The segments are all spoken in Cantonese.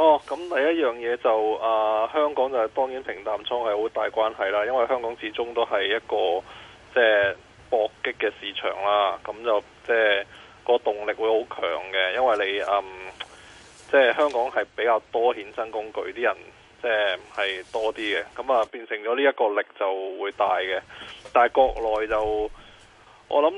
哦，咁第一樣嘢就啊、呃，香港就係當然平淡倉係好大關係啦，因為香港始終都係一個即係、就是、搏擊嘅市場啦，咁就即係、就是那個動力會好強嘅，因為你嗯，即、就、係、是、香港係比較多衍生工具，啲人即係係多啲嘅，咁啊變成咗呢一個力就會大嘅，但係國內就我諗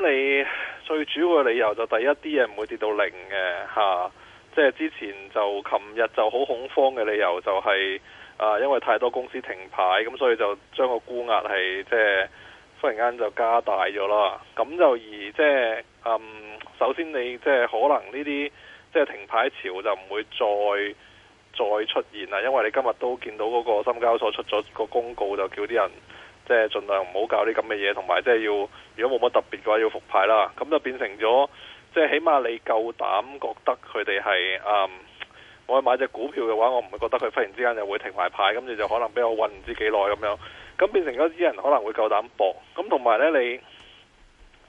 你最主要嘅理由就第一啲嘢唔會跌到零嘅吓。啊即係之前就琴日就好恐慌嘅理由就係、是、啊、呃，因為太多公司停牌，咁所以就將個沽壓係即係忽然間就加大咗啦。咁就而即係嗯，首先你即係可能呢啲即係停牌潮就唔會再再出現啦，因為你今日都見到嗰個深交所出咗個公告，就叫啲人即係盡量唔好搞啲咁嘅嘢，同埋即係要如果冇乜特別嘅話，要復牌啦。咁就變成咗。即係起碼你夠膽覺得佢哋係，嗯，我去買隻股票嘅話，我唔會覺得佢忽然之間就會停埋牌，咁你就可能俾我韞唔知幾耐咁樣，咁變成咗啲人可能會夠膽搏，咁同埋呢，你，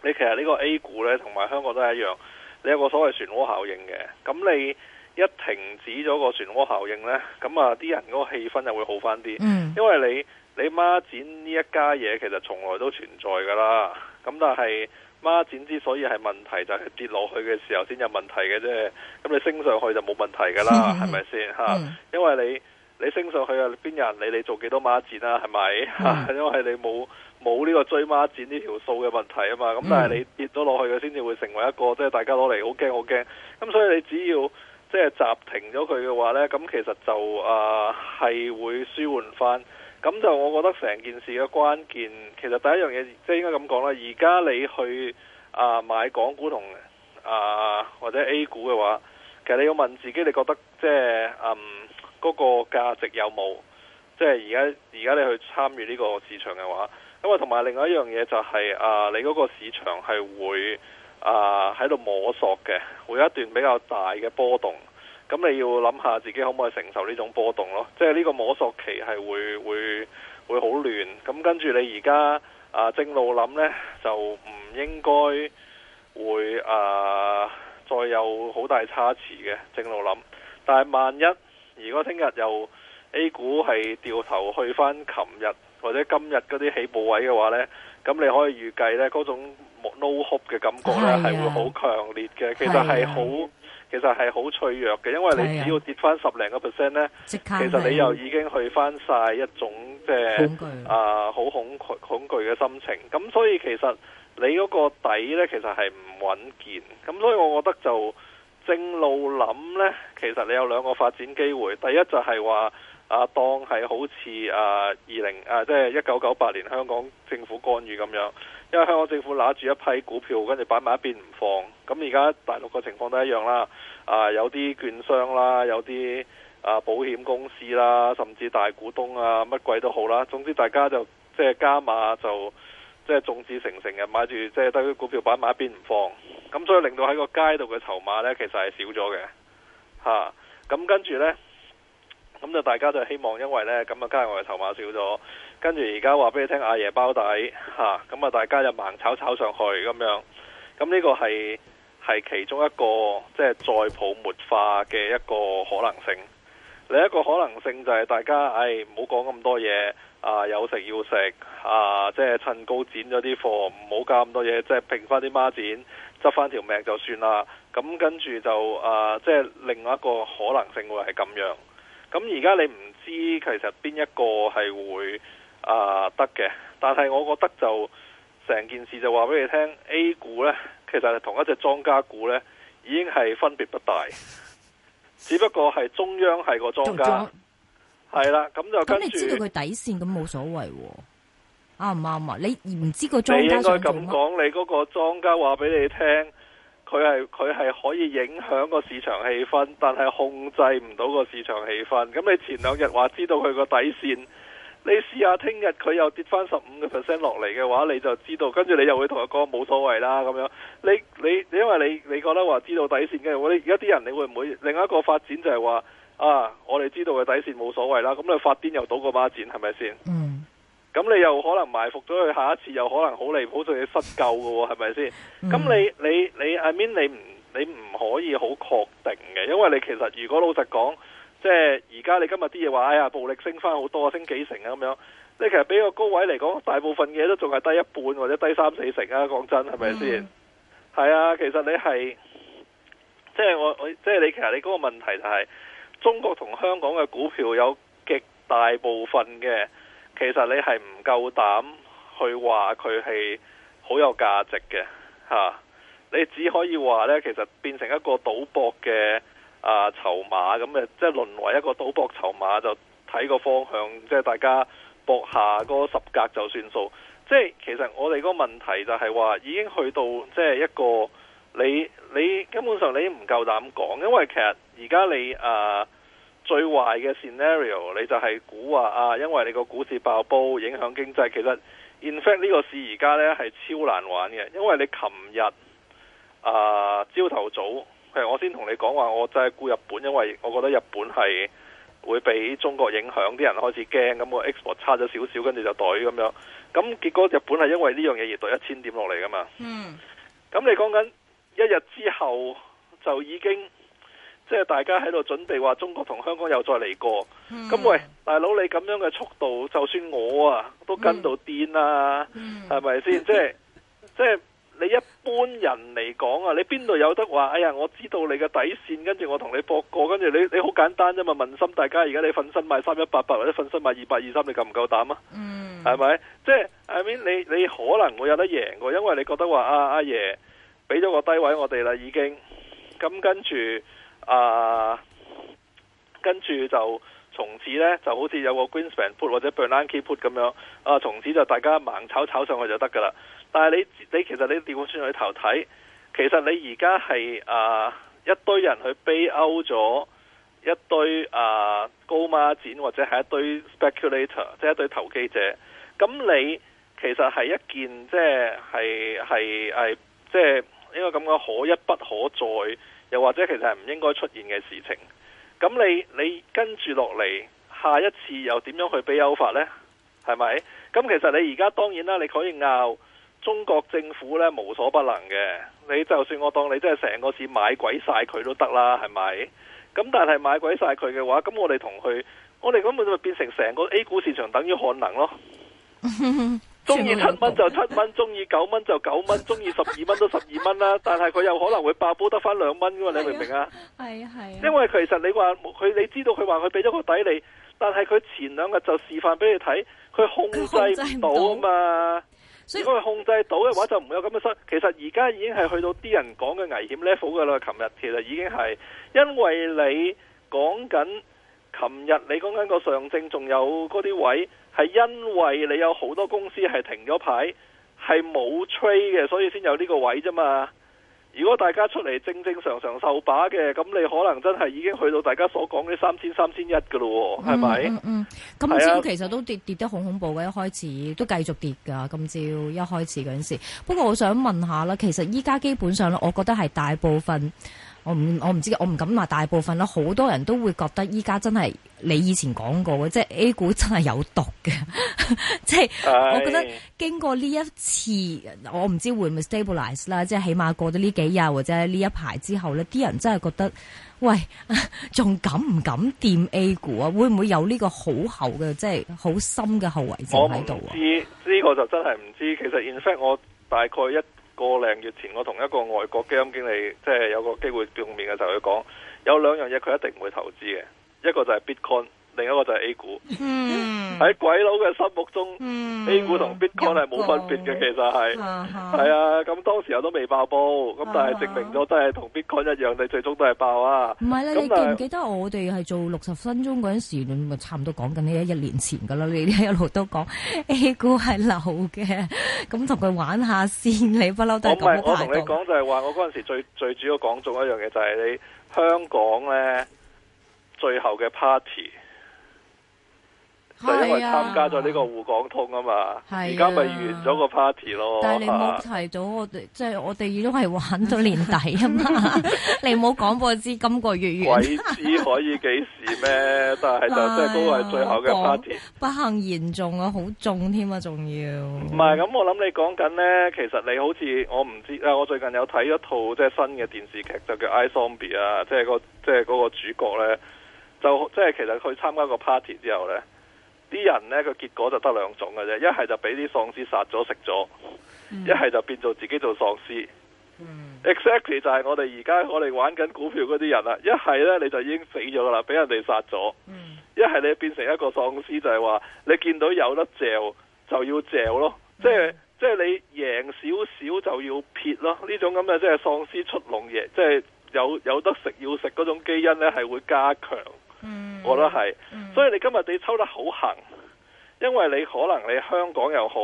你其實呢個 A 股呢，同埋香港都係一樣，你有個所謂漩渦效應嘅，咁你一停止咗個漩渦效應呢，咁啊啲人嗰個氣氛就會好返啲，因為你你孖展呢一家嘢其實從來都存在噶啦，咁但係。孖展之所以係問題，就係、是、跌落去嘅時候先有問題嘅啫。咁你升上去就冇問題㗎啦，係咪先嚇？Mm -hmm. 因為你你升上去啊，邊有人理你，你做幾多孖展啊？係咪嚇？Mm -hmm. 因為你冇冇呢個追孖展呢條數嘅問題啊嘛。咁但係你跌到落去嘅先至會成為一個即係、mm -hmm. 大家攞嚟好驚好驚。咁所以你只要即係暫停咗佢嘅話呢，咁其實就啊係、呃、會舒緩翻。咁就我覺得成件事嘅關鍵，其實第一樣嘢，即係應該咁講啦。而家你去啊、呃、買港股同啊、呃、或者 A 股嘅話，其實你要問自己，你覺得即係嗯嗰、那個價值有冇？即係而家而家你去參與呢個市場嘅話，因為同埋另外一樣嘢就係、是、啊、呃，你嗰個市場係會啊喺度摸索嘅，會有一段比較大嘅波動。咁你要諗下自己可唔可以承受呢種波動咯？即係呢個摸索期係會會會好亂。咁跟住你而家啊正路諗呢，就唔應該會啊、呃、再有好大差池嘅正路諗。但係萬一如果聽日又 A 股係掉頭去返琴日或者今日嗰啲起步位嘅話呢，咁你可以預計呢嗰種 no hope 嘅感覺呢，係、yeah. 會好強烈嘅。其實係好。Yeah. 其實係好脆弱嘅，因為你只要跌翻十零個 percent 咧，其實你又已經去翻晒一種即係啊好恐懼、呃、恐懼嘅心情。咁所以其實你嗰個底咧，其實係唔穩健。咁所以我覺得就正路諗咧，其實你有兩個發展機會。第一就係話啊，當係好似啊二零啊，即係一九九八年香港政府干預咁樣。因為香港政府拿住一批股票，跟住擺埋一邊唔放，咁而家大陸嘅情況都一樣啦。啊，有啲券商啦，有啲啊保險公司啦，甚至大股東啊，乜鬼都好啦。總之大家就即係加碼就，就即係眾志成城，嘅買住即係嗰啲股票擺埋一邊唔放，咁所以令到喺個街度嘅籌碼呢，其實係少咗嘅嚇。咁跟住呢，咁就大家就希望，因為呢，咁啊，街外嘅籌碼少咗，跟住而家話俾你聽，阿爺包底吓咁啊、嗯、大家就盲炒炒上去咁樣，咁、嗯、呢、這個係係其中一個即係、就是、再普沒化嘅一個可能性。另一個可能性就係大家唔好講咁多嘢啊，有食要食啊，即、就、係、是、趁高剪咗啲貨，唔好搞咁多嘢，即、就、係、是、拼翻啲孖剪，執翻條命就算啦。咁、嗯、跟住就即係、啊就是、另外一個可能性會係咁樣。咁而家你唔知其實邊一個係會？啊，得嘅，但係我覺得就成件事就話俾你聽，A 股呢，其實係同一隻莊家股呢，已經係分別不大，只不過係中央係個莊家，係 啦，咁、嗯嗯嗯、就跟住。咁你知道佢底線咁冇所謂喎、啊？啱唔啱啊？你唔知個莊家。你應該咁講，你嗰個莊家話俾你聽，佢係佢係可以影響個市場氣氛，但係控制唔到個市場氣氛。咁你前兩日話知道佢個底線。你試下聽日佢又跌翻十五個 percent 落嚟嘅話，你就知道，跟住你又會同佢講冇所謂啦咁樣。你你因為你你覺得話知道底線嘅，我哋而家啲人，你，人你會唔會另一個發展就係話啊？我哋知道嘅底線冇所謂啦。咁你發癲又倒個孖展，係咪先？嗯。咁你又可能埋伏咗佢下一次，又可能好離譜，仲要失救嘅喎，係咪先？咁你你你，I mean，你唔你唔可以好確定嘅，因為你其實如果老實講。即係而家你今日啲嘢，話哎呀暴力升翻好多，升幾成啊咁樣？你其實比個高位嚟講，大部分嘅嘢都仲係低一半或者低三四成啊，講真，係咪先？係、嗯、啊，其實你係即係我我即係你，其實你嗰個問題就係、是、中國同香港嘅股票有極大部分嘅，其實你係唔夠膽去話佢係好有價值嘅吓、啊，你只可以話呢，其實變成一個賭博嘅。啊，籌碼咁嘅，即係淪為一個賭博籌碼，就睇個方向，即係大家博下嗰、那個、十格就算數。即係其實我哋嗰個問題就係話，已經去到即係一個你你根本上你唔夠膽講，因為其實而家你啊最壞嘅 scenario 你就係估話啊，因為你個股市爆煲影響經濟。其實 in fact 呢個市而家呢係超難玩嘅，因為你琴日啊朝頭早，早。係我先同你講話，我真係顧日本，因為我覺得日本係會俾中國影響，啲人開始驚，咁個 export 差咗少少，跟住就跌咁樣，咁結果日本係因為呢樣嘢而跌一千點落嚟噶嘛？嗯，咁你講緊一日之後就已經，即係大家喺度準備話中國同香港又再嚟過，咁喂大佬你咁樣嘅速度，就算我啊都跟到癲啦，係咪先？即係即係。 你一般人嚟講啊，你邊度有得話？哎呀，我知道你嘅底線，跟住我同你搏過，跟住你你好簡單啫嘛？問心大家而家你瞓身買三一八八或者瞓身買二八二三，你夠唔夠膽啊？嗯，係咪？即係 I mean，你你可能會有得贏嘅，因為你覺得話啊阿爺俾咗個低位我哋啦，已經咁跟住啊，跟住就從此呢，就好似有個 Greenspan put 或者 Bernanke put 咁樣啊，從此就大家盲炒炒上去就得噶啦。但係你你其實你調轉去頭睇，其實你而家係啊一堆人去悲鳶咗一堆啊、uh, 高孖展或者係一堆 speculator，即係一堆投機者。咁你其實係一件即係係係即係應該咁講可一不可再，又或者其實係唔應該出現嘅事情。咁你你跟住落嚟，下一次又點樣去悲鳶法呢？係咪？咁其實你而家當然啦，你可以拗。中國政府呢無所不能嘅，你就算我當你真係成個市買鬼晒佢都得啦，係咪？咁但係買鬼晒佢嘅話，咁我哋同佢，我哋咁咪就變成成個 A 股市場等於漢能咯。中意七蚊就七蚊，中意九蚊就九蚊，中意十二蚊都十二蚊啦。 但係佢有可能會爆煲得返兩蚊噶嘛？ 你明唔明啊？係啊係啊。因為其實你話佢你知道佢話佢俾咗個底你，但係佢前兩日就示範俾你睇，佢控制唔到啊嘛。如果控制到嘅話，就唔會有咁嘅失。其實而家已經係去到啲人講嘅危險 level 㗎啦。琴日其實已經係因為你講緊，琴日你講緊個上證仲有嗰啲位，係因為你有好多公司係停咗牌，係冇 trade 嘅，所以先有呢個位啫嘛。如果大家出嚟正正常常受把嘅，咁你可能真係已經去到大家所講嘅三千三千一嘅咯，係咪？嗯嗯，嗯，今朝其實都跌跌得好恐怖嘅，一開始都繼續跌噶。今朝一開始嗰陣時，不過我想問下啦，其實依家基本上我覺得係大部分。我唔我唔知，我唔敢話大部分啦。好多人都會覺得依家真係你以前講過嘅，即係 A 股真係有毒嘅。即 係我覺得經過呢一次，我唔知會唔會 stabilize 啦。即係起碼過咗呢幾日或者呢一排之後呢，啲人真係覺得，喂，仲敢唔敢掂 A 股啊？會唔會有呢個好厚嘅即係好深嘅後遺症喺度啊？我唔知呢個就真係唔知。其實 in fact 我大概一個零月前，我同一個外國基金經理，即係有個機會見面嘅時候，佢講有兩樣嘢佢一定唔會投資嘅，一個就係 Bitcoin。另一個就係 A 股，喺鬼佬嘅心目中、嗯，A 股同 Bitcoin 係冇分別嘅，嗯，其實係係、嗯嗯、啊，咁當時我都未爆煲，咁、嗯嗯嗯嗯嗯嗯嗯，但係證明咗都係同 Bitcoin 一樣，你最終都係爆啊。唔係啦，你記唔記得我哋係做六十分鐘嗰陣時你咪差唔多講緊呢一一年前噶啦？你一路都講 A 股係流嘅，咁同佢玩下先，你不嬲都係咁。唔係，我同你講就係話，我嗰陣時最最主要講中一樣嘢就係你香港咧最後嘅 party。係啊！因為參加咗呢個滬港通啊嘛，而家咪完咗個 party 咯。啊、但係你冇提到我哋、啊，即係我哋已經係玩到年底啊嘛！ 你冇講過知今個月完。鬼知可以幾時咩？ 但係是就即係、 哎、都係最後嘅 party。不幸言中啊，好重添啊，仲要。唔係咁，那我諗你講緊咧，其實你好似我唔知道啊，我最近有睇一套即係新嘅電視劇，就叫《I Zombie》啊，即係、那個即係嗰個主角咧，就即係其實佢參加個 party 之後咧。啲人呢個結果就得兩種嘅啫，一係就俾啲喪屍殺咗食咗，一係、嗯、就變做自己做喪屍、嗯。Exactly 就係我哋而家我哋玩緊股票嗰啲人啦，一係呢，你就已經死咗啦，俾人哋殺咗。一、嗯、係你變成一個喪屍，就係、是、話你見到有得嚼就要嚼咯，即係即係你贏少少就要撇咯。呢種咁嘅，即係喪屍出籠嘢，即、就、係、是、有有得食要食嗰種基因呢，係會加強。嗯我覺得係，所以你今日你抽得好行，因為你可能你香港又好，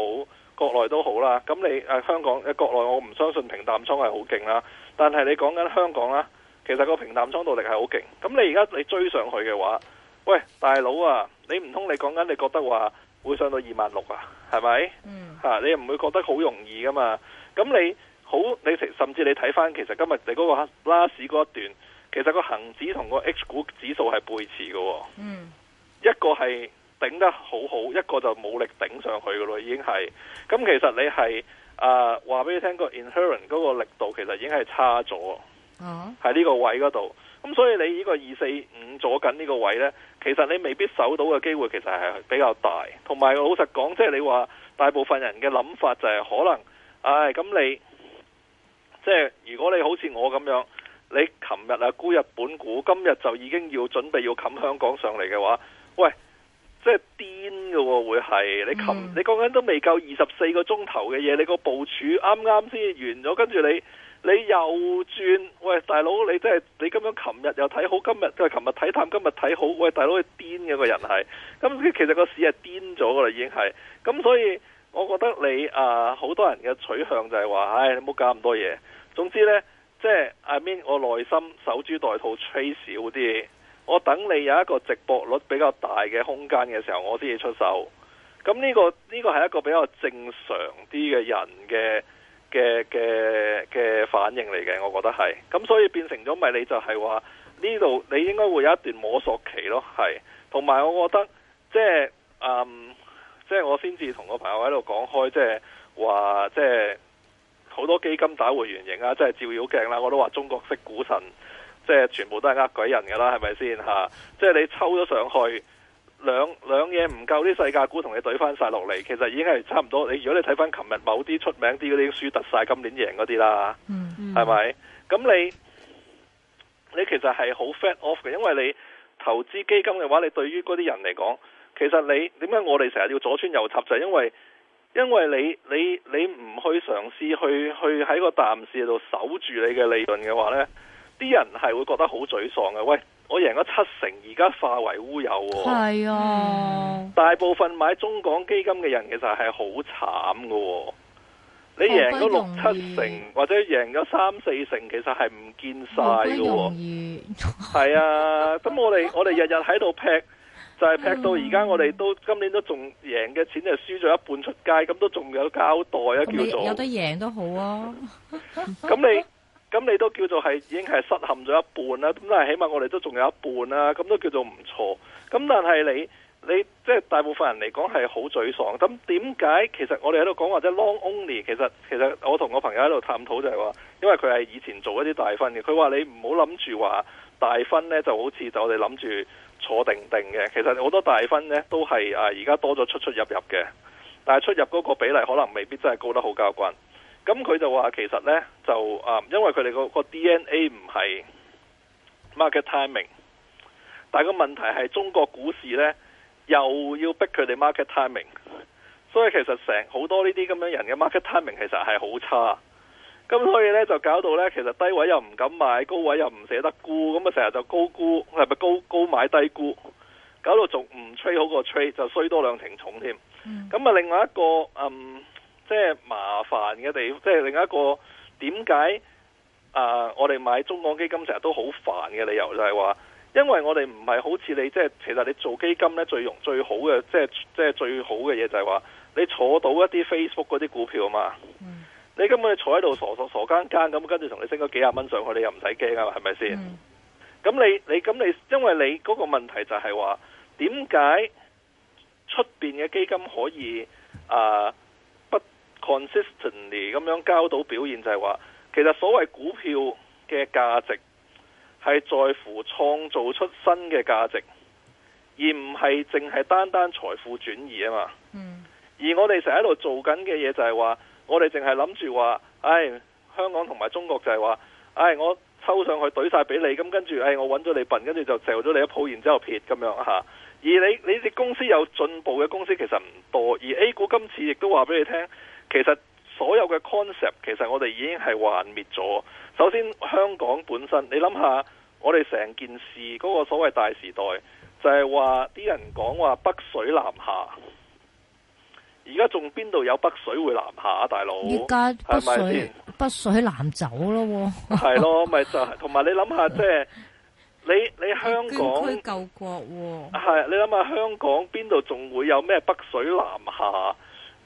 國內都好啦。咁你、啊、香港誒國內，我唔相信平淡倉係好勁啦。但係你講緊香港啦，其實個平淡倉動力係好勁。咁你而家你追上去嘅話，喂大佬啊，你唔通你講緊你覺得話會上到二萬六啊？係咪？嚇、嗯啊、你唔會覺得好容易噶嘛？咁你好，你甚至你睇翻其實今日你嗰個 last 嗰一段。其實個恒指同個 H 股指數係背馳嘅，嗯，一個係頂得好好，一個就冇力頂上去嘅咯，已經係。咁其實你係啊，話俾你聽個 inherent 嗰個力度其實已經係差咗，哦，喺呢個位嗰度。咁所以你呢個二四五阻緊呢個位呢，其實你未必守到嘅機會，其實係比較大。同埋老實講，即係你話大部分人嘅諗法就係可能，唉，咁你即係如果你好似我咁樣。你琴日啊沽日本股，今日就已經要準備要冚香港上嚟嘅話，喂，即係癲嘅會係、嗯、你琴你講緊都未夠二十四個鐘頭嘅嘢，你個部署啱啱先完咗，跟住你你又轉，喂，大佬你真係，你今日琴日又睇好，今日佢琴日睇淡，今日睇好，喂，大佬你癲嘅個人係，咁其實個市係癲咗噶啦，已經係，咁所以我覺得你啊好多人嘅取向就係話，唉，你唔好搞咁多嘢，總之呢。即係 I mean，我內心守株待兔，追少啲，我等你有一個直播率比較大嘅空間嘅時候，我先至出手。咁呢個呢個係一個比較正常啲嘅人嘅嘅嘅嘅反應嚟嘅，我覺得係。咁所以變成咗，咪你就係話呢度你應該會有一段摸索期咯，係。同埋我覺得即係，即係，嗯，我先至同個朋友喺度講開，即係話即係。好多基金打回原形啊！即係照妖鏡啦、啊，我都話中國式股神，即係全部都係呃鬼人噶啦，係咪先吓？即係你抽咗上去兩兩嘢唔夠啲世界股同你懟翻晒落嚟，其實已經係差唔多。你如果你睇翻琴日某啲出名啲嗰啲輸突晒今年贏嗰啲啦，係、嗯、咪？咁、嗯、你你其實係好 fat off 嘅，因為你投資基金嘅話，你對於嗰啲人嚟講，其實你點解我哋成日要左穿右插就係、是、因為？因為你你你唔去嘗試去去喺個淡市度守住你嘅利潤嘅話，呢啲人係會覺得好沮喪嘅。喂，我贏咗七成，而家化為烏有。係啊，大部分買中港基金嘅人其實係好慘喎。你贏咗六七成或者贏咗三四成，其實係唔見晒嘅。係 啊，咁我哋我哋日日喺度劈。就係、是、劈到而家，我哋都今年都仲贏嘅錢，就輸咗一半出街，咁都仲有交代啊！叫做有得贏都好啊！咁 你咁你都叫做係已經係失陷咗一半啦。咁但係起碼我哋都仲有一半啦，咁都叫做唔錯。咁但係你你即係、就是、大部分人嚟講係好沮喪。咁點解其實我哋喺度講或者 long only？其實其實我同我朋友喺度探討就係話，因為佢係以前做一啲大分嘅，佢話你唔好諗住話大分呢，就好似就我哋諗住。坐定定嘅，其實好多大分呢都係啊，而家多咗出出入入嘅，但係出入嗰個比例可能未必真係高得好交關。咁佢就話其實呢，就啊，因為佢哋個 DNA 唔係 market timing，但個問題係中國股市呢又要逼佢哋 market timing，所以其實成好多呢啲咁樣的人嘅 market timing 其實係好差。咁所以咧就搞到咧，其實低位又唔敢買，高位又唔捨得沽，咁啊成日就高沽，係咪高高買低沽？搞到仲唔吹好過 trade，就衰多兩停重添。咁啊另外一個嗯，即係麻煩嘅地方，即係另外一個點解啊，我哋買中港基金成日都好煩嘅理由就係話，因為我哋唔係好似你即係，其實你做基金咧最容最好嘅，即係即係最好嘅嘢就係話，你坐到一啲 Facebook 嗰啲股票啊嘛。你根本坐喺度傻傻傻更更咁，跟住同你升咗幾廿蚊上去，你又唔使驚啊？係咪先？咁、嗯、你你咁你，因為你嗰個問題就係話，點解出邊嘅基金可以、啊、不 consistently 咁樣交到表現？就係話，其實所謂股票嘅價值係在乎創造出新嘅價值，而唔係淨係單單財富轉移啊嘛。嗯、而我哋成日喺度做緊嘅嘢就係話。我哋淨係諗住話，唉，香港同埋中國就係話，唉，我抽上去懟晒俾你，咁跟住唉，我揾咗你笨，跟住就嚼咗你一鋪，然之後撇咁樣嚇。而你你哋公司有進步嘅公司其實唔多，而 A 股今次亦都話俾你聽，其實所有嘅 concept 其實我哋已經係幻滅咗。首先香港本身，你諗下，我哋成件事嗰個所謂大時代，就係話啲人講話北水南下。而家仲邊度有北水會南下啊，大佬？依家北水北水南走咯，啊，係咯，咪就係，是。同埋你諗下，即 係，就是，你你香港鞠鞠救國，啊，係你諗下香港邊度仲會有咩北水南下？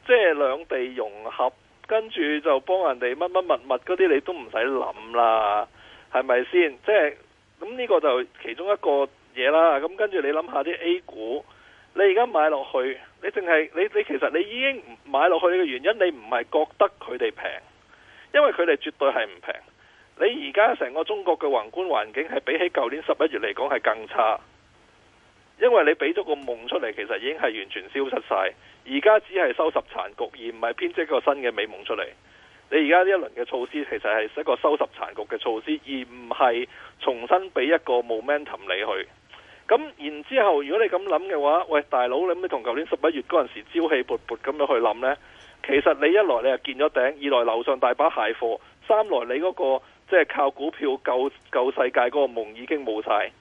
即係兩地融合，跟住就幫人哋乜乜物物嗰啲，你都唔使諗啦，係咪先？即係咁呢個就其中一個嘢啦。咁跟住你諗下啲 A 股。你而家買落去，你淨係你你其實你已經買落去嘅原因，你唔係覺得佢哋平，因為佢哋絕對係唔平。你而家成個中國嘅宏觀環境係比起舊年十一月嚟講係更差，因為你俾咗個夢出嚟，其實已經係完全消失晒。而家只係收拾殘局，而唔係編織一個新嘅美夢出嚟。你而家呢一輪嘅措施其實係一個收拾殘局嘅措施，而唔係重新俾一個 momentum 你去。咁然之後，如果你咁諗嘅話，喂大佬，你可同舊年十一月嗰陣時朝氣勃勃咁樣去諗呢？其實你一來你又見咗頂，二來樓上大把蟹貨，三來你嗰、嗰個即係、就是、靠股票救救世界嗰個夢已經冇晒。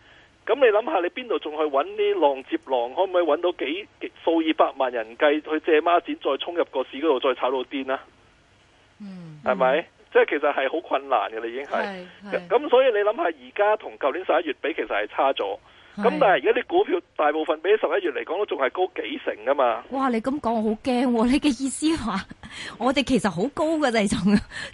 咁你諗下，你邊度仲去揾呢浪接浪，可唔可以揾到幾，幾，幾數以百萬人計去借孖展，再衝入個市嗰度，再炒到癲啊？嗯，係咪？即、嗯、係、就是、其實係好困難嘅，你已經係。咁所以你諗下，而家同舊年十一月比，其實係差咗。咁但係而家啲股票大部分比十一月嚟講都仲係高幾成㗎嘛？哇！你咁講我好驚、啊，你嘅意思話我哋其實好高嘅，嚟仲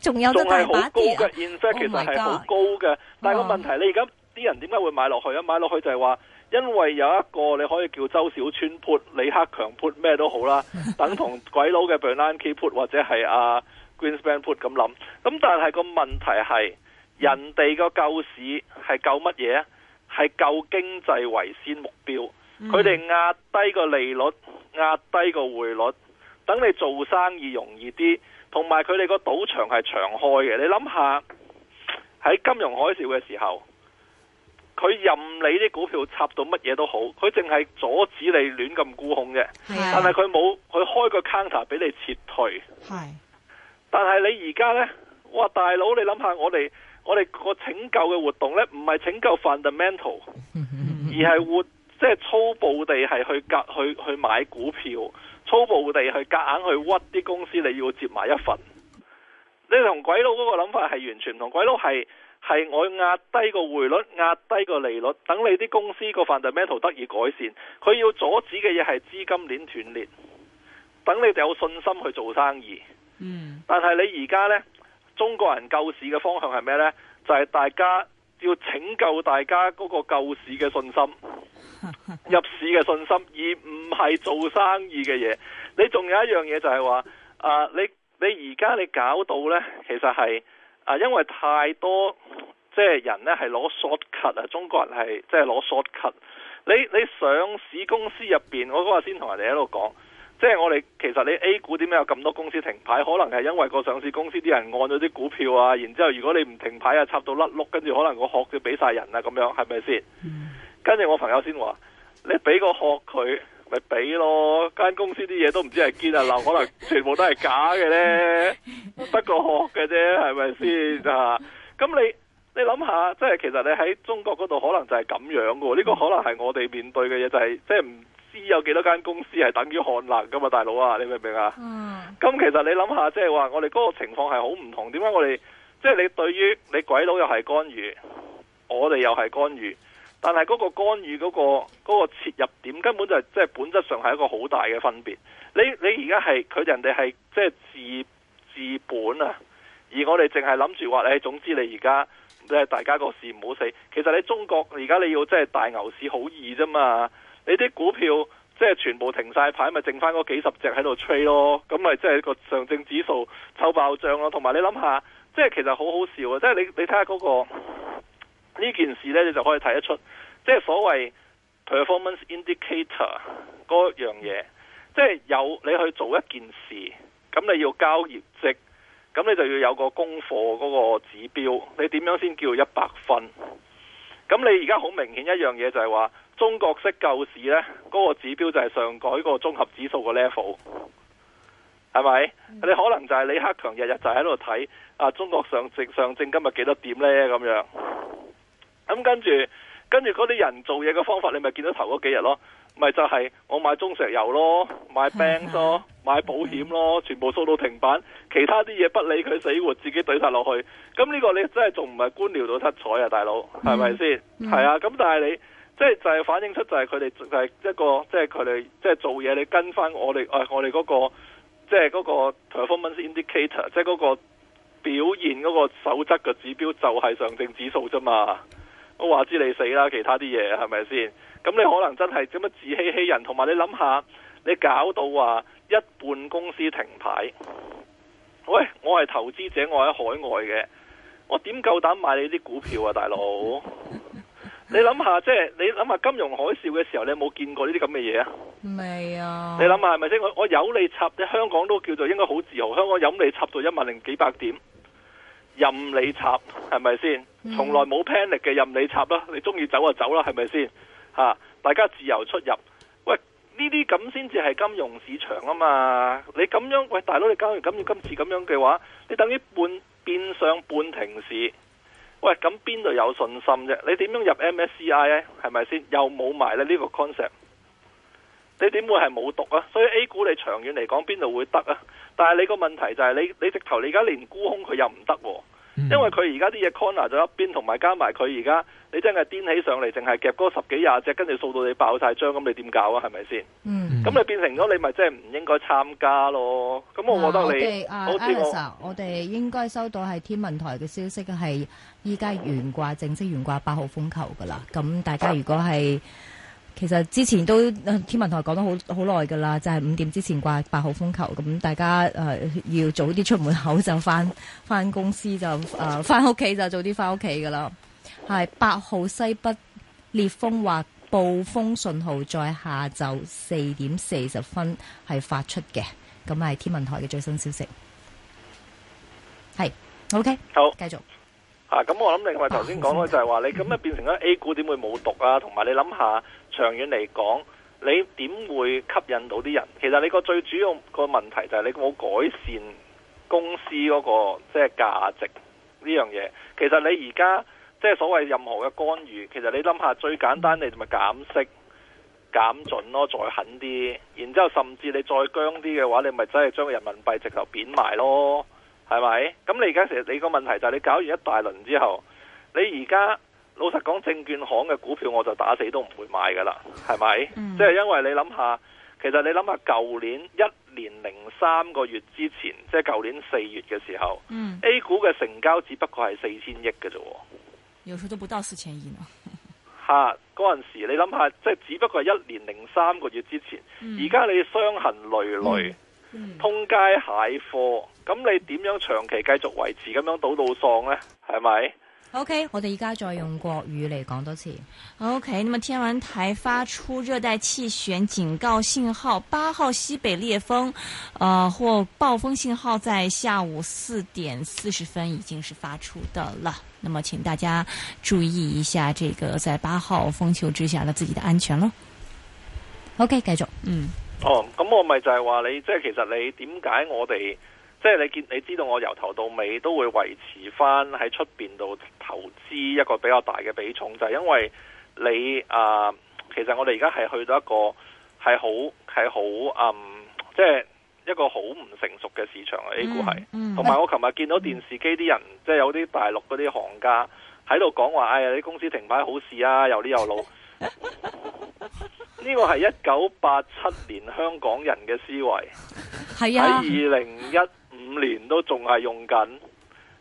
仲有得大把跌、啊。In fact，、oh、God, 其實係好高嘅。但係個問題，你而家啲人點解會買落去啊？買落去就係話，因為有一個你可以叫周小川 put、李克強 put 咩都好啦，等同鬼佬嘅 Bernanke put 或者係啊 Greenspan put 咁諗。咁但係個問題係，人哋個救市係救乜嘢啊？係救經濟為先目標，佢、嗯、哋壓低個利率、壓低個匯率，等你做生意容易啲，同埋佢哋個賭場係長開嘅。你諗下，喺金融海嘯嘅時候，佢任你啲股票插到乜嘢都好，佢淨係阻止你亂咁沽空嘅。係啊，但係佢冇佢開個 counter 俾你撤退。係，但係你而家呢？哇大佬，你諗下我哋。我哋個拯救嘅活動呢，唔係拯救 fundamental，而係活即係、就是、粗暴地係去夾去去買股票，粗暴地去夾硬去屈啲公司，你要接埋一份。你同鬼佬嗰個諗法係完全唔同鬼佬係係我壓低個匯率，壓低個利率，等你啲公司個 fundamental 得以改善。佢要阻止嘅嘢係資金鏈斷裂，等你哋有信心去做生意。Mm. 但係你而家呢。中國人救市嘅方向係咩呢？就係、是、大家要拯救大家嗰個救市嘅信心，入市嘅信心，而唔係做生意嘅嘢。你仲有一樣嘢就係話啊，你你而家你搞到呢，其實係啊，因為太多即係、就是、人呢係攞 short cut 啊，是拿 cut，中國人係即係攞 short cut。就是、short cut，你你上市公司入邊，我嗰日先同人哋喺度講。即係我哋，其實你 A 股點解有咁多公司停牌？可能係因為個上市公司啲人按咗啲股票啊，然之後如果你唔停牌啊，插到甩碌，跟住可能個殼就俾晒人啊。咁樣係咪先？跟住我朋友先話，你俾個殼佢咪俾咯，間公司啲嘢,都唔知係堅啊流，可能全部都係假嘅呢。得個殼嘅啫，係咪先啊？咁、嗯、你你諗下，即係其實你喺中國嗰度可能就係咁樣噶，呢、這個可能係我哋面對嘅嘢，就係、是、即係唔。知有幾多間公司係等於漢能㗎嘛，大佬啊，你明唔明啊？咁、mm. 其實你諗下，即係話我哋嗰個情況係好唔同，點解我哋即係你對於你鬼佬又係干預，我哋又係干預，但係嗰個干預嗰、嗰個、嗰個切入點根本就係即係本質上係一個好大嘅分別。你你而家係佢人哋係即係治治本啊，而我哋淨係諗住話，你，總之你而家即係大家個事唔好死。其實你在中國而家你要即係、即係、大牛市好易啫嘛。你啲股票即係全部停晒牌，咪剩翻嗰幾十隻喺度 trade 咯，咁咪即係個上證指數臭爆漲咯。同埋你諗下，即係其實好好笑啊！即係你你睇下嗰個呢件事呢，你就可以睇得出，即係所謂 performance indicator 嗰樣嘢，即係有你去做一件事，咁你要交業績，咁你就要有個功課嗰個指標，你點樣先叫一百分？咁你而家好明顯一樣嘢就係話。中國式救市呢，嗰、那個指標就係上改個綜合指數個 level，係咪？你、mm -hmm. 可能就係李克強日日就喺度睇啊，中國上證上證今日幾多點呢？咁樣咁、嗯、跟住跟住嗰啲人做嘢嘅方法，你咪見到頭嗰幾日咯，咪就係、是、我買中石油咯，買 bank 咯，買保險咯，全部掃到停板，其他啲嘢不理佢死活，自己對晒落去。咁呢個你真係仲唔係官僚到七彩啊，大佬？係咪先？係、mm -hmm. 啊，咁但係你。即係就係反映出，就係佢哋係一個，即係佢哋即係做嘢，你跟翻我哋，誒，我哋嗰個，即係嗰個 performance indicator，即係嗰個表現嗰個守則嘅指標，就係上證指數啫嘛。我話知你死啦，其他啲嘢係咪先？咁你可能真係點樣自欺欺人？同埋你諗下，你搞到話一半公司停牌，喂，我係投資者，我喺海外嘅，我點夠膽買你啲股票啊，大佬？你諗下，即係你諗下金融海嘯嘅時候，你有冇見過呢啲咁嘅嘢啊？未啊！你諗下係咪先？我我有你插，你香港都叫做應該好自豪。香港有你插到一萬零幾百點，任你插係咪先？從來冇 panic 嘅，任你插啦，你中意走就走啦，係咪先？吓、啊，大家自由出入。喂，呢啲咁先至係金融市場啊嘛！你咁樣，喂，大佬你搞完咁，今次咁樣嘅話，你等於半變相半停市。喂，咁邊度有信心啫？你點樣入 MSCI 呢？係咪先？又冇埋呢個 concept，你點會係冇讀啊？所以 A 股你長遠嚟講邊度會得啊？但係你個問題就係你你直頭你而家連沽空佢又唔得喎。嗯、因為佢而家啲嘢 corner 咗一邊，同埋加埋佢而家，你真係癲起上嚟，淨係夾嗰十幾廿隻，跟住掃到你爆晒張，咁你點搞啊？係咪先？咁、嗯、你變成咗你咪真係唔應該參加咯？咁我覺得你，啊 okay, uh, 我，Elsa, 我哋應該收到係天文台嘅消息，係依家懸掛正式懸掛八號風球噶啦。咁大家如果係。啊其實之前都天文台講咗好好耐噶啦，就係、是、五點之前掛八號風球，咁大家誒、呃、要早啲出門口就翻翻公司就誒翻屋企就早啲翻屋企噶啦。係八號西北烈風或暴風信號在下晝四點四十分係發出嘅，咁係天文台嘅最新消息。係，OK，好，繼續。啊，咁我諗另外頭先講開就係話你咁啊，變成咗 A 股點會冇毒啊？同埋你諗下。長遠嚟講，你點會吸引到啲人？其實你個最主要個問題就係你冇改善公司嗰個即係價值呢樣嘢。其實你而家即係所謂任何嘅干預，其實你諗下最簡單，你咪減息、減準咯，再狠啲，然之後甚至你再僵啲嘅話，你咪真係將個人民幣直頭貶埋咯，係咪？咁你而家其實你個問題就係你搞完一大輪之後，你而家。老實講，證券行嘅股票我就打死都唔會買噶啦，係咪？嗯，即係因為你諗下，其實你諗下，舊年一年零三個月之前，即係舊年四月嘅時候、嗯、，A 股嘅成交只不過係四千億嘅啫。有時都不到四千億啦。吓， 嗰陣時你諗下，即係只不過係一年零三個月之前，而、嗯、家你傷痕累累，嗯、通街蟹貨，咁、嗯、你點樣長期繼續維持咁樣賭到喪咧？係咪？OK，我哋依家再用國語嚟講多次。OK，那麼天文台發出熱帶氣旋警告信號八號西北烈風，呃或暴風信號，在下午四點四十分已經是發出的了。那麼請大家注意一下，這個在八號風球之下的自己的安全咯。O K，繼續，嗯，哦，咁我咪就係話你，即係其實你點解我哋？即係你見你知道我由頭到尾都會維持翻喺出邊度投資一個比較大嘅比重，就係、是、因為你啊、呃，其實我哋而家係去到一個係好係好嗯，即係一個好唔成熟嘅市場啊，呢個係，同、嗯、埋、嗯、我琴日見到電視機啲人，嗯、即係有啲大陸嗰啲行家喺度講話，哎呀，你公司停牌好事啊，又啲又老，呢個係一九八七年香港人嘅思維，喺二零一年都仲係用緊，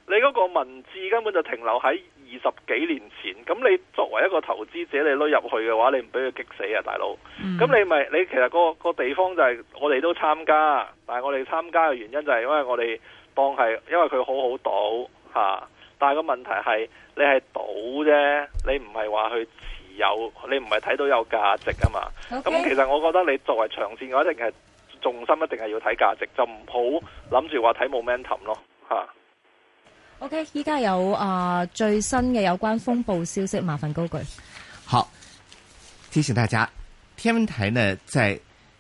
你嗰個文字根本就停留喺二十幾年前，咁你作為一個投資者你攞入去嘅話，你唔俾佢激死啊，大佬！咁你咪你其實、嗰個個地方就係我哋都參加，但係我哋參加嘅原因就係因為我哋當係因為佢好好賭吓、啊，但係個問題係你係賭啫，你唔係話去持有，你唔係睇到有價值啊嘛。咁、okay. 其實我覺得你作為長線嘅話一定係。重心一定係要睇價值，就唔好諗住話睇 momentum 咯嚇。OK，依家有啊、呃、最新嘅有關風暴消息，麻煩高舉。好，提醒大家，天文台呢在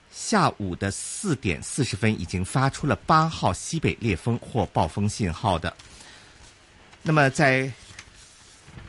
下午的四點四十分已經發出了八號西北烈風或暴風信號的。那麼在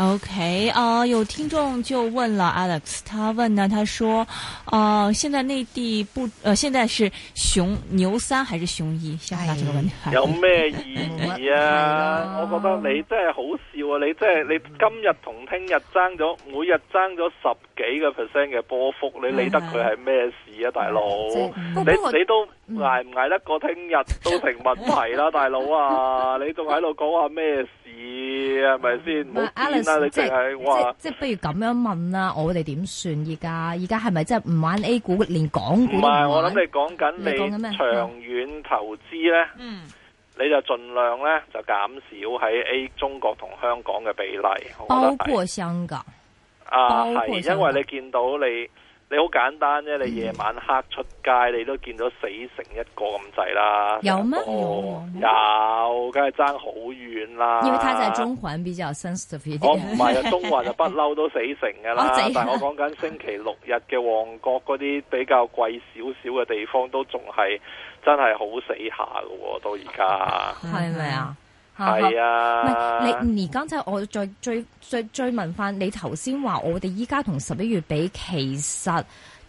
O.K. 啊、呃，有聽眾就問了 Alex，他問呢，他說，啊、呃、現在內地不，呃，現在是熊牛三還是熊一？下一個問題。哎、有咩意義啊、哎？我覺得你真係好笑啊！你真係你今日同聽日爭咗，每日爭咗十幾個 percent 嘅波幅，你理得佢係咩事啊，大佬？你你都挨唔挨得過聽日都成問題啦，大佬啊！ 你仲喺度講下咩事係咪先？冇。即係即係不如咁樣問啦，我哋點算而家？而家係咪真係唔玩 A 股，連港股都唔玩？唔係，我諗你講緊你長遠投資咧，嗯，你就盡量咧就減少喺 A 中國同香港嘅比例，包括香港，啊，包括香港，因為你見到你。你好簡單啫！你夜晚黑出街，你都見到死城一個咁滯啦。有咩、哦？有，梗係爭好遠啦。因為他在中環比較 sensitive 啲。唔係啊，中環就不嬲都死城㗎啦、 哦。但係我講緊星期六日嘅旺角嗰啲比較貴少少嘅地方，都仲係真係好死下㗎喎，到而家。係咪啊？嗯係 啊，唔係 你而家即係我再追追追問翻你頭先話我哋依家同十一月比，其實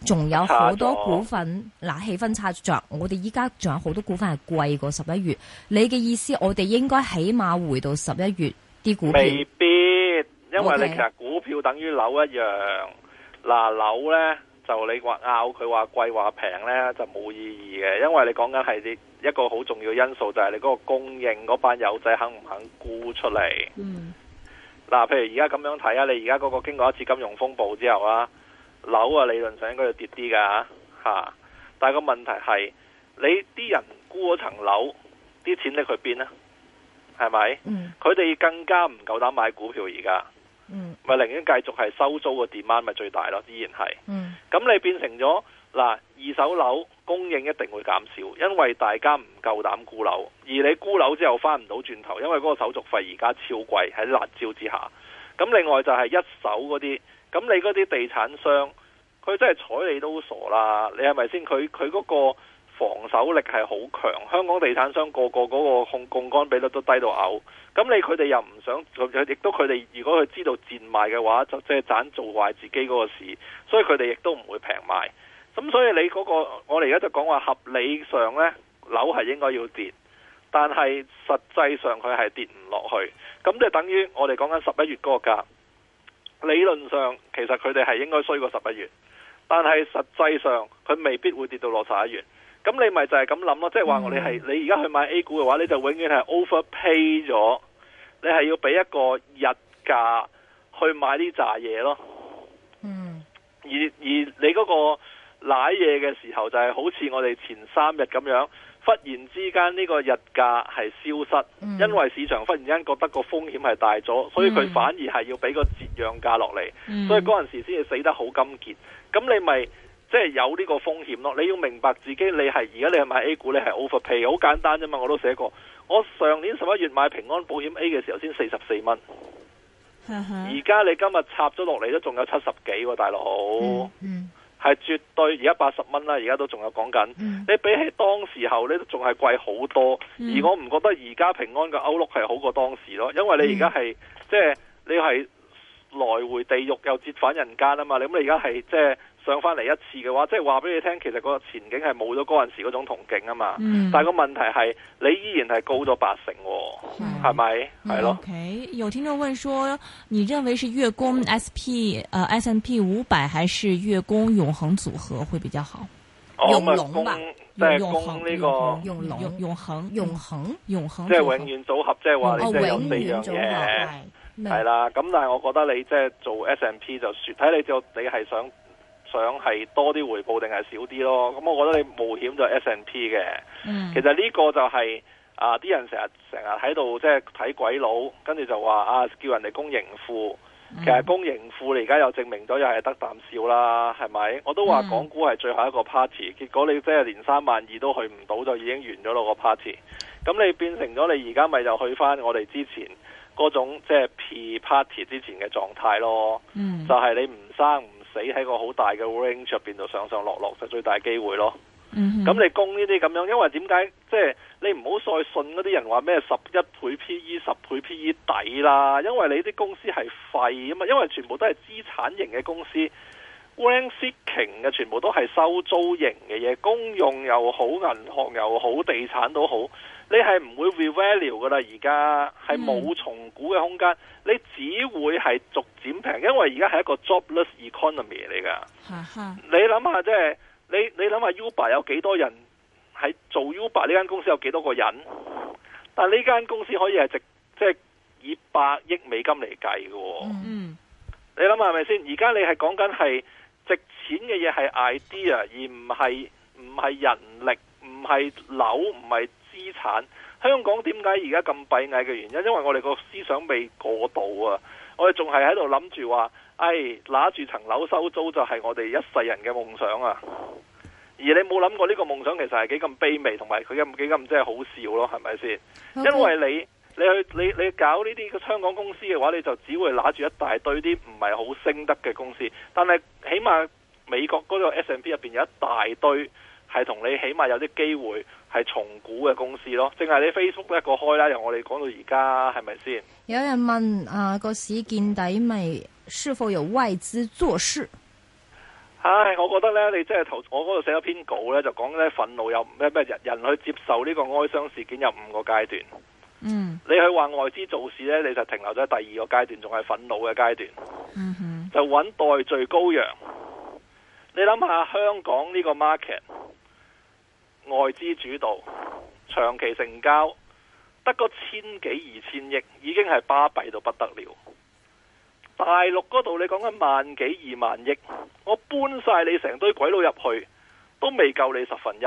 仲有好多股份嗱、啊，氣氛差着。我哋依家仲有好多股份係貴過十一月。你嘅意思，我哋應該起碼回到十一月啲股票？未必，因為你其實股票等於樓一樣，嗱、okay? 啊，樓咧。就你話拗佢話貴話平呢，就冇意義嘅，因為你講緊係你一個好重要的因素，就係、係、你嗰個供應嗰班友仔肯唔肯沽出嚟。嗱、嗯啊，譬如而家咁樣睇啊，你而家嗰個經過一次金融風暴之後樓啊，樓啊理論上應該要跌啲噶吓，但係個問題係你啲人沽嗰層樓，啲錢你去邊咧？係咪？佢、嗯、哋更加唔夠膽買股票而家。嗯，咪寧願繼續係收租嘅 demand 咪最大咯，依然係。嗯，咁你變成咗嗱，二手樓供應一定會減少，因為大家唔夠膽沽樓，而你沽樓之後翻唔到轉頭，因為嗰個手續費而家超貴喺辣招之下。咁另外就係一手嗰啲，咁你嗰啲地產商，佢真係睬你都傻啦，你係咪先？佢佢嗰個。防守力係好強，香港地產商個個嗰個控槓桿比率都低到嘔。咁你佢哋又唔想，亦都佢哋，如果佢知道賤賣嘅話，就即係盞做壞自己嗰個事，所以佢哋亦都唔會平賣。咁所以你嗰、嗰個，我哋而家就講話合理上呢樓係應該要跌，但係實際上佢係跌唔落去。咁即係等於我哋講緊十一月嗰個價，理論上其實佢哋係應該衰過十一月，但係實際上佢未必會跌到落十一月。咁你咪就係咁諗咯，即係話我哋係你而家去買 A 股嘅話，你就永遠係 overpay 咗，你係要俾一個溢價去買呢扎嘢咯。嗯，而而你嗰個瀨嘢嘅時候，就係、是、好似我哋前三日咁樣，忽然之間呢個溢價係消失、嗯，因為市場忽然間覺得個風險係大咗，所以佢反而係要俾個折讓價落嚟，所以嗰陣時先至死得好金結。咁你咪。即係有呢個風險咯，你要明白自己你係而家你係買 A 股你係 overpay，好簡單啫嘛，我都寫過。我上年十一月買平安保險 A 嘅時候先四十四蚊，而家 Uh-huh. 你今日插咗落嚟都仲有七十幾，大佬，係 Uh-huh. 絕對而家八十蚊啦，而家都仲有講緊。Uh -huh. 你比起當時候呢，都仲係貴好多。Uh -huh. 而我唔覺得而家平安嘅 outlook 係好過當時咯，因為你而家係即係你係來回地獄又折返人間啊嘛，你咁你而家係即係。上翻嚟一次嘅話，即係話俾你聽，其實個前景係冇咗嗰陣時嗰種憧憬啊嘛。嗯、但係個問題係，你依然係高咗八成、哦、係、嗯、咪？係、嗯、咯。OK，有聽眾問說，你認為是月供 SP，誒 S&P 五百，還是月供永恆組合會比較好？哦、永恆吧。即係供呢個。永恆永恆永恆永恆即係永遠組合，即係話你有四樣嘢。係啦，咁但係我覺得你即係做 S&P 就算，睇你就你係想。想係多啲回報定係少啲咯？咁我覺得你冒險就 S&P 嘅、嗯。其實呢個就係啊啲人成日成日喺度即係睇鬼佬，跟住就話啊叫人哋供盈富，其實供盈富你而家又證明咗又係得啖笑啦，係咪？我都話港股係最後一個 party、嗯、結果你即係連三萬二都去唔到，就已經完咗咯個 party。咁你變成咗你而家咪就去翻我哋之前嗰種即係 P party 之前嘅狀態咯。嗯、就係、是、你唔生唔死喺個好大嘅 range 入邊度上上落落就最大機會咯。咁、mm -hmm。你供呢啲咁樣，因為點解？即係你唔好再信嗰啲人話咩十一倍 PE、十倍 PE 抵啦，因為你啲公司係廢啊嘛，因為全部都係資產型嘅公司。seeking 嘅全部都係收租型嘅嘢，公用又好，銀行又好，地產都好，你係唔會 revalue 噶啦，而家係冇重估嘅空間，你只會係逐漸平，因為而家係一個 jobless economy 嚟噶。你諗下即係、就是、你你諗下 Uber 有幾多人喺做 Uber 呢間公司有幾多個人？但呢間公司可以係值即係、就是、以百億美金嚟計嘅。你諗下係咪先？而家你係講緊係。值錢嘅嘢係 idea 而唔係唔係人力，唔係樓，唔係資產。香港點解而家咁閉翳嘅原因？因為我哋個思想未過渡啊，我哋仲係喺度諗住話，哎，拿住層樓收租就係我哋一世人嘅夢想啊！而你冇諗過呢個夢想其實係幾咁卑微，同埋佢幾咁即係好笑咯，係咪先？因為你。你去你你搞呢啲香港公司嘅話，你就只會拿住一大堆啲唔係好升得嘅公司。但係起碼美國嗰個 S&P 入邊有一大堆係同你起碼有啲機會係重估嘅公司咯。淨係你 Facebook 一個開啦，由我哋講到而家係咪先？有人問啊，個市見底咪是否有外資做事？唉，我覺得呢，你即係頭我嗰度寫咗篇稿呢，就講呢：「憤怒有咩咩人人去接受呢個哀傷事件有五個階段。嗯、mm -hmm.，你去話外資做事呢，你就停留咗喺第二個階段，仲係憤怒嘅階段，mm -hmm. 就揾代罪羔羊。你諗下香港呢個 market，外資主導，長期成交得個千幾二千億，已經係巴閉到不得了。大陸嗰度你講緊萬幾二萬億，我搬晒你成堆鬼佬入去，都未夠你十分一。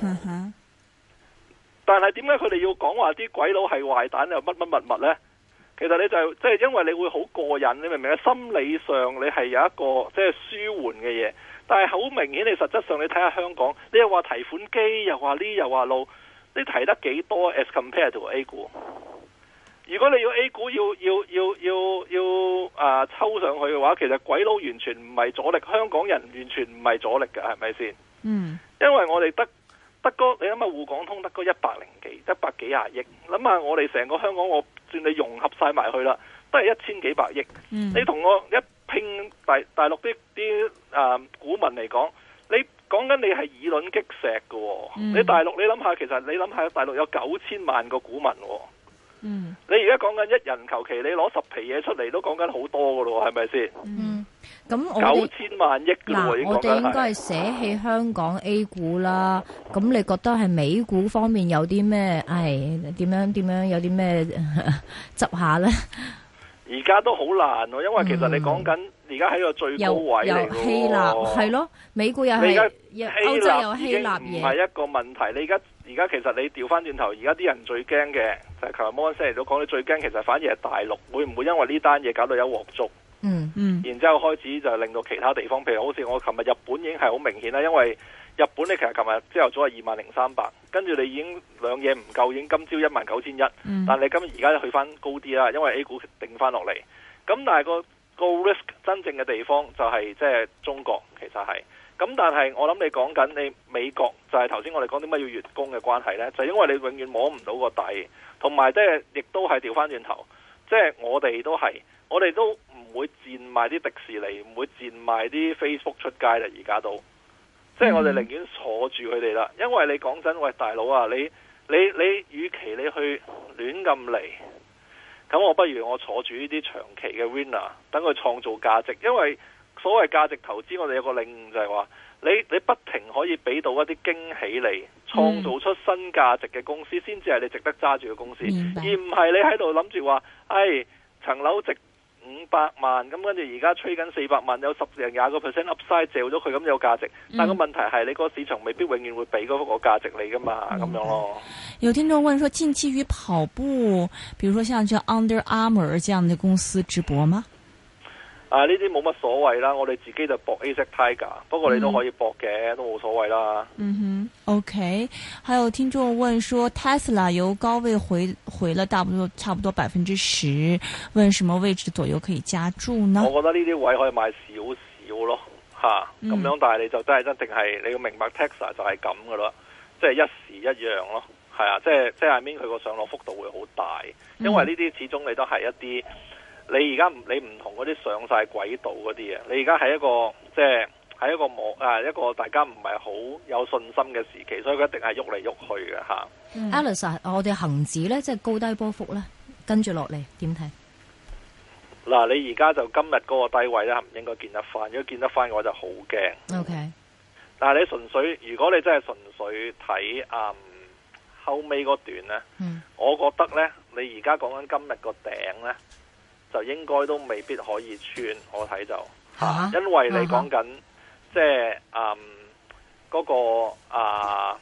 嗯、mm -hmm. 但係點解佢哋要講話啲鬼佬係壞蛋又乜乜物物呢？其實你就即係、就是、因為你會好過癮，你明唔明啊？心理上你係有一個即係、就是、舒緩嘅嘢，但係好明顯你實質上你睇下香港，你又話提款機，又話呢，又話路，你提得幾多？As compared to A 股，如果你要 A 股要要要要要啊抽上去嘅話，其實鬼佬完全唔係阻力，香港人完全唔係阻力嘅，係咪先？嗯，因為我哋得。德哥，你諗下滬港通得嗰一百零幾、一百幾廿億，諗下我哋成個香港，我算你融合晒埋去啦，都係一千幾百億。嗯、你同我一拼大大陸啲啲啊股民嚟講，你講緊你係以卵擊石㗎喎、嗯。你大陸你諗下，其實你諗下大陸有九千萬個股民。嗯。你而家講緊一人求其，你攞十皮嘢出嚟都講緊好多㗎咯，係咪先？嗯。咁九千萬億，我哋應該係捨棄香港 A 股啦。咁、嗯、你覺得係美股方面有啲咩？唉、哎，點樣點樣有啲咩執下咧？而家都好難，因為其實你講緊而家喺個最高位有，有希臘係咯，美股又係歐洲又希臘嘢，唔係一個問題。你而家而家其實你調翻轉頭，而家啲人最驚嘅就係、是，其實摩 o n 都講到最驚，其實反而係大陸會唔會因為呢單嘢搞到有鑊粥？嗯嗯，然之後開始就令到其他地方，譬如好似我琴日日本已經係好明顯啦，因為日本你其實琴日朝頭早係二萬零三百，跟住你已經兩嘢唔夠，已經今朝一萬九千一，但你今而家去翻高啲啦，因為 A 股定翻落嚟。咁但係個個 risk 真正嘅地方就係即係中國，其實係。咁但係我諗你講緊你美國就係頭先我哋講啲乜要月供嘅關係呢，就係、因為你永遠摸唔到個底，同埋即係亦都係調翻轉頭，即係我哋都係，我哋都。唔會賤賣啲迪士尼，唔會賤賣啲 Facebook 出街啦！而家都，即係我哋寧願坐住佢哋啦。因為你講真，喂，大佬啊，你你你，與其你去亂咁嚟，咁我不如我坐住呢啲長期嘅 winner，等佢創造價值。因為所謂價值投資，我哋有個領悟就係話，你你不停可以俾到一啲驚喜你，創造出新價值嘅公司，先至係你值得揸住嘅公司，嗯、而唔係你喺度諗住話，哎層樓值五百萬，咁跟住而家吹緊四百萬，有十成廿個 percent upside 掉咗佢咁有價值，嗯、但個問題係你個市場未必永遠會俾嗰個價值你噶嘛，咁、嗯、樣咯。有聽眾問說，近期於跑步，比如說像叫 Under Armour 這樣的公司直播嗎？啊！呢啲冇乜所謂啦，我哋自己就搏 A 色胎噶，不過你都可以搏嘅，嗯，都冇所謂啦。嗯哼，OK。還有聽眾問說，Tesla 由高位回回了大約差不多百分之十。問什麼位置左右可以加注呢？我覺得呢啲位可以買少少咯，吓，啊，咁樣。嗯，但係你就真係真定係你要明白 Tesla 就係咁噶啦，即、就、係、是、一時一樣咯。係啊，即係即係後面佢個上落幅度會好大，嗯，因為呢啲始終你都係一啲。你而家你唔同嗰啲上晒軌道嗰啲啊，你而家係一個即係喺一個啊一個大家唔係好有信心嘅時期，所以佢一定係喐嚟喐去嘅吓。嗯、Alex 我哋恒指咧即係高低波幅咧，跟住落嚟點睇？嗱、啊，你而家就今日嗰個低位咧，唔應該見得翻。如果見得翻嘅話就好驚。O K。但係你純粹，如果你真係純粹睇啊、嗯、後尾嗰段咧、嗯，我覺得咧，你而家講緊今日個頂咧。就應該都未必可以穿，我睇就、啊，因為你講緊即係嗰個啊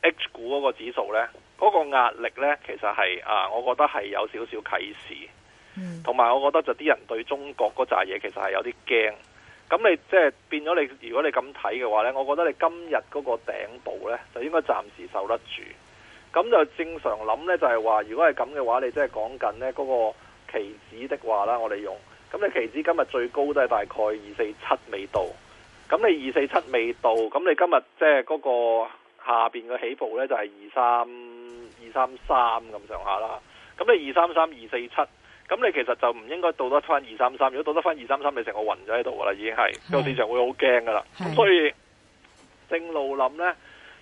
H 股嗰個指數呢，嗰、那個壓力呢，其實係啊，我覺得係有少少啟示，同、嗯、埋我覺得就啲人對中國嗰扎嘢其實係有啲驚，咁你即係、就是、變咗你如果你咁睇嘅話呢，我覺得你今日嗰個頂部呢，就應該暫時受得住，咁就正常諗呢，就係、是、話，如果係咁嘅話，你即係講緊呢嗰個。期指的話啦，我哋用咁你期指今日最高都係大概二四七未到，咁你二四七未到，咁你今日即係嗰個下邊嘅起步呢23，就係二三二三三咁上下啦，咁你二三三二四七，咁你其實就唔應該到得翻二三三，如果到得翻二三三，你成個暈咗喺度啦，已經係、這個市場會好驚噶啦，咁所以正路諗呢，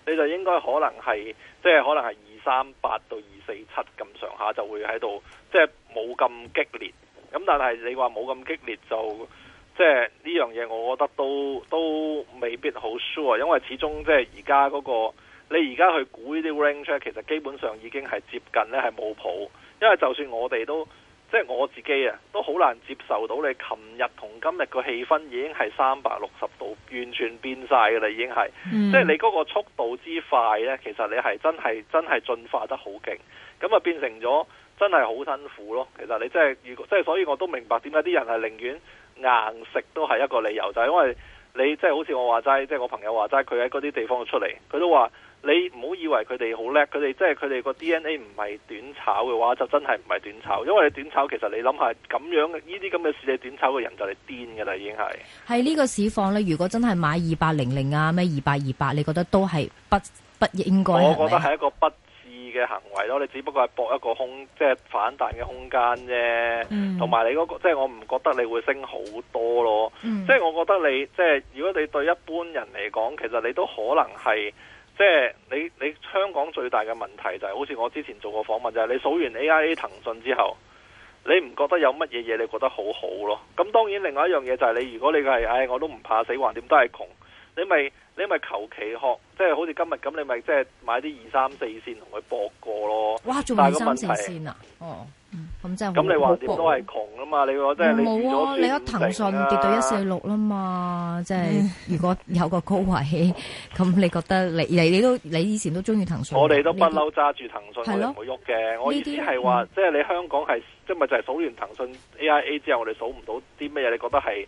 你就應該可能係即係可能係二。三八到二四七咁上下就會喺度，即係冇咁激烈。咁但係你話冇咁激烈就，即係呢樣嘢，我覺得都都未必好 sure。因為始終即係而家嗰個，你而家去估呢啲 range，其實基本上已經係接近呢係冇譜，因為就算我哋都。即係我自己啊，都好難接受到你琴日同今日個氣氛已經係三百六十度完全變晒㗎啦，已經係。嗯。即係你嗰個速度之快呢，其實你係真係真係進化得好勁。咁啊變成咗真係好辛苦咯。其實你即係，即係所以我都明白點解啲人係寧願硬食都係一個理由，就係因為你即係好似我話齋，即係我朋友話齋，佢喺嗰啲地方出嚟，佢都話。你唔好以為佢哋好叻，佢哋即係佢哋個 DNA 唔係短炒嘅話，就真係唔係短炒。因為你短炒其實你諗下咁樣，呢啲咁嘅事，你短炒嘅人就係癲㗎啦，已經係。喺呢個市況咧，如果真係買二百零零啊，咩二百二百，你覺得都係不不應該？我覺得係一個不智嘅行為咯。你只不過係搏一個空，即係反彈嘅空間啫。嗯，同埋你嗰個，即係我唔覺得你會升好多咯。嗯，即係我覺得你，即係如果你對一般人嚟講，其實你都可能係。即係你你香港最大嘅問題就係、是、好似我之前做過訪問就係、是、你數完 AIA 騰訊之後，你唔覺得有乜嘢嘢你覺得好好咯？咁當然另外一樣嘢就係你如果你係，唉我都唔怕死，橫掂都係窮，你咪你咪求其學，即係好似今日咁，你咪即係買啲二三四線同佢搏過咯。哇！仲大個問題啊，哦咁你話點都係窮啊嘛？你話真係跌咗先、啊，冇啊！你個騰訊跌到一四六啦嘛，即、嗯、係如果有個高位，咁 你覺得你你你都你以前都中意騰訊。我哋都，都我不嬲揸住騰訊去唔會喐嘅。我意思係話、嗯，即係你香港係，即係咪就係數完騰訊 A I A 之後，我哋數唔到啲咩嘢？你覺得係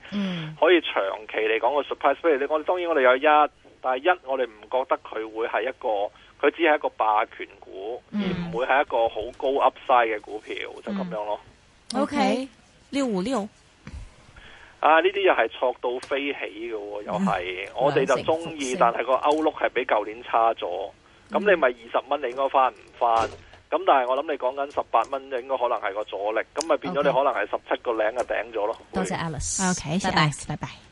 可以長期嚟講個 surprise？譬如你我，當然我哋有一，但係一我哋唔覺得佢會係一個。佢只係一個霸權股，嗯、而唔會係一個好高 Upside 嘅股票，嗯、就咁樣咯。O K. 六五六，啊呢啲又係錯到飛起嘅，又係、嗯、我哋就中意，但係個 outlook 係比舊年差咗。咁、嗯、你咪二十蚊你應該翻唔翻？咁但係我諗你講緊十八蚊，應該可能係個阻力，咁咪變咗你可能係十七個零、okay. 就頂咗咯。多謝 Alice，O K. 謝晒、okay,，拜拜。拜拜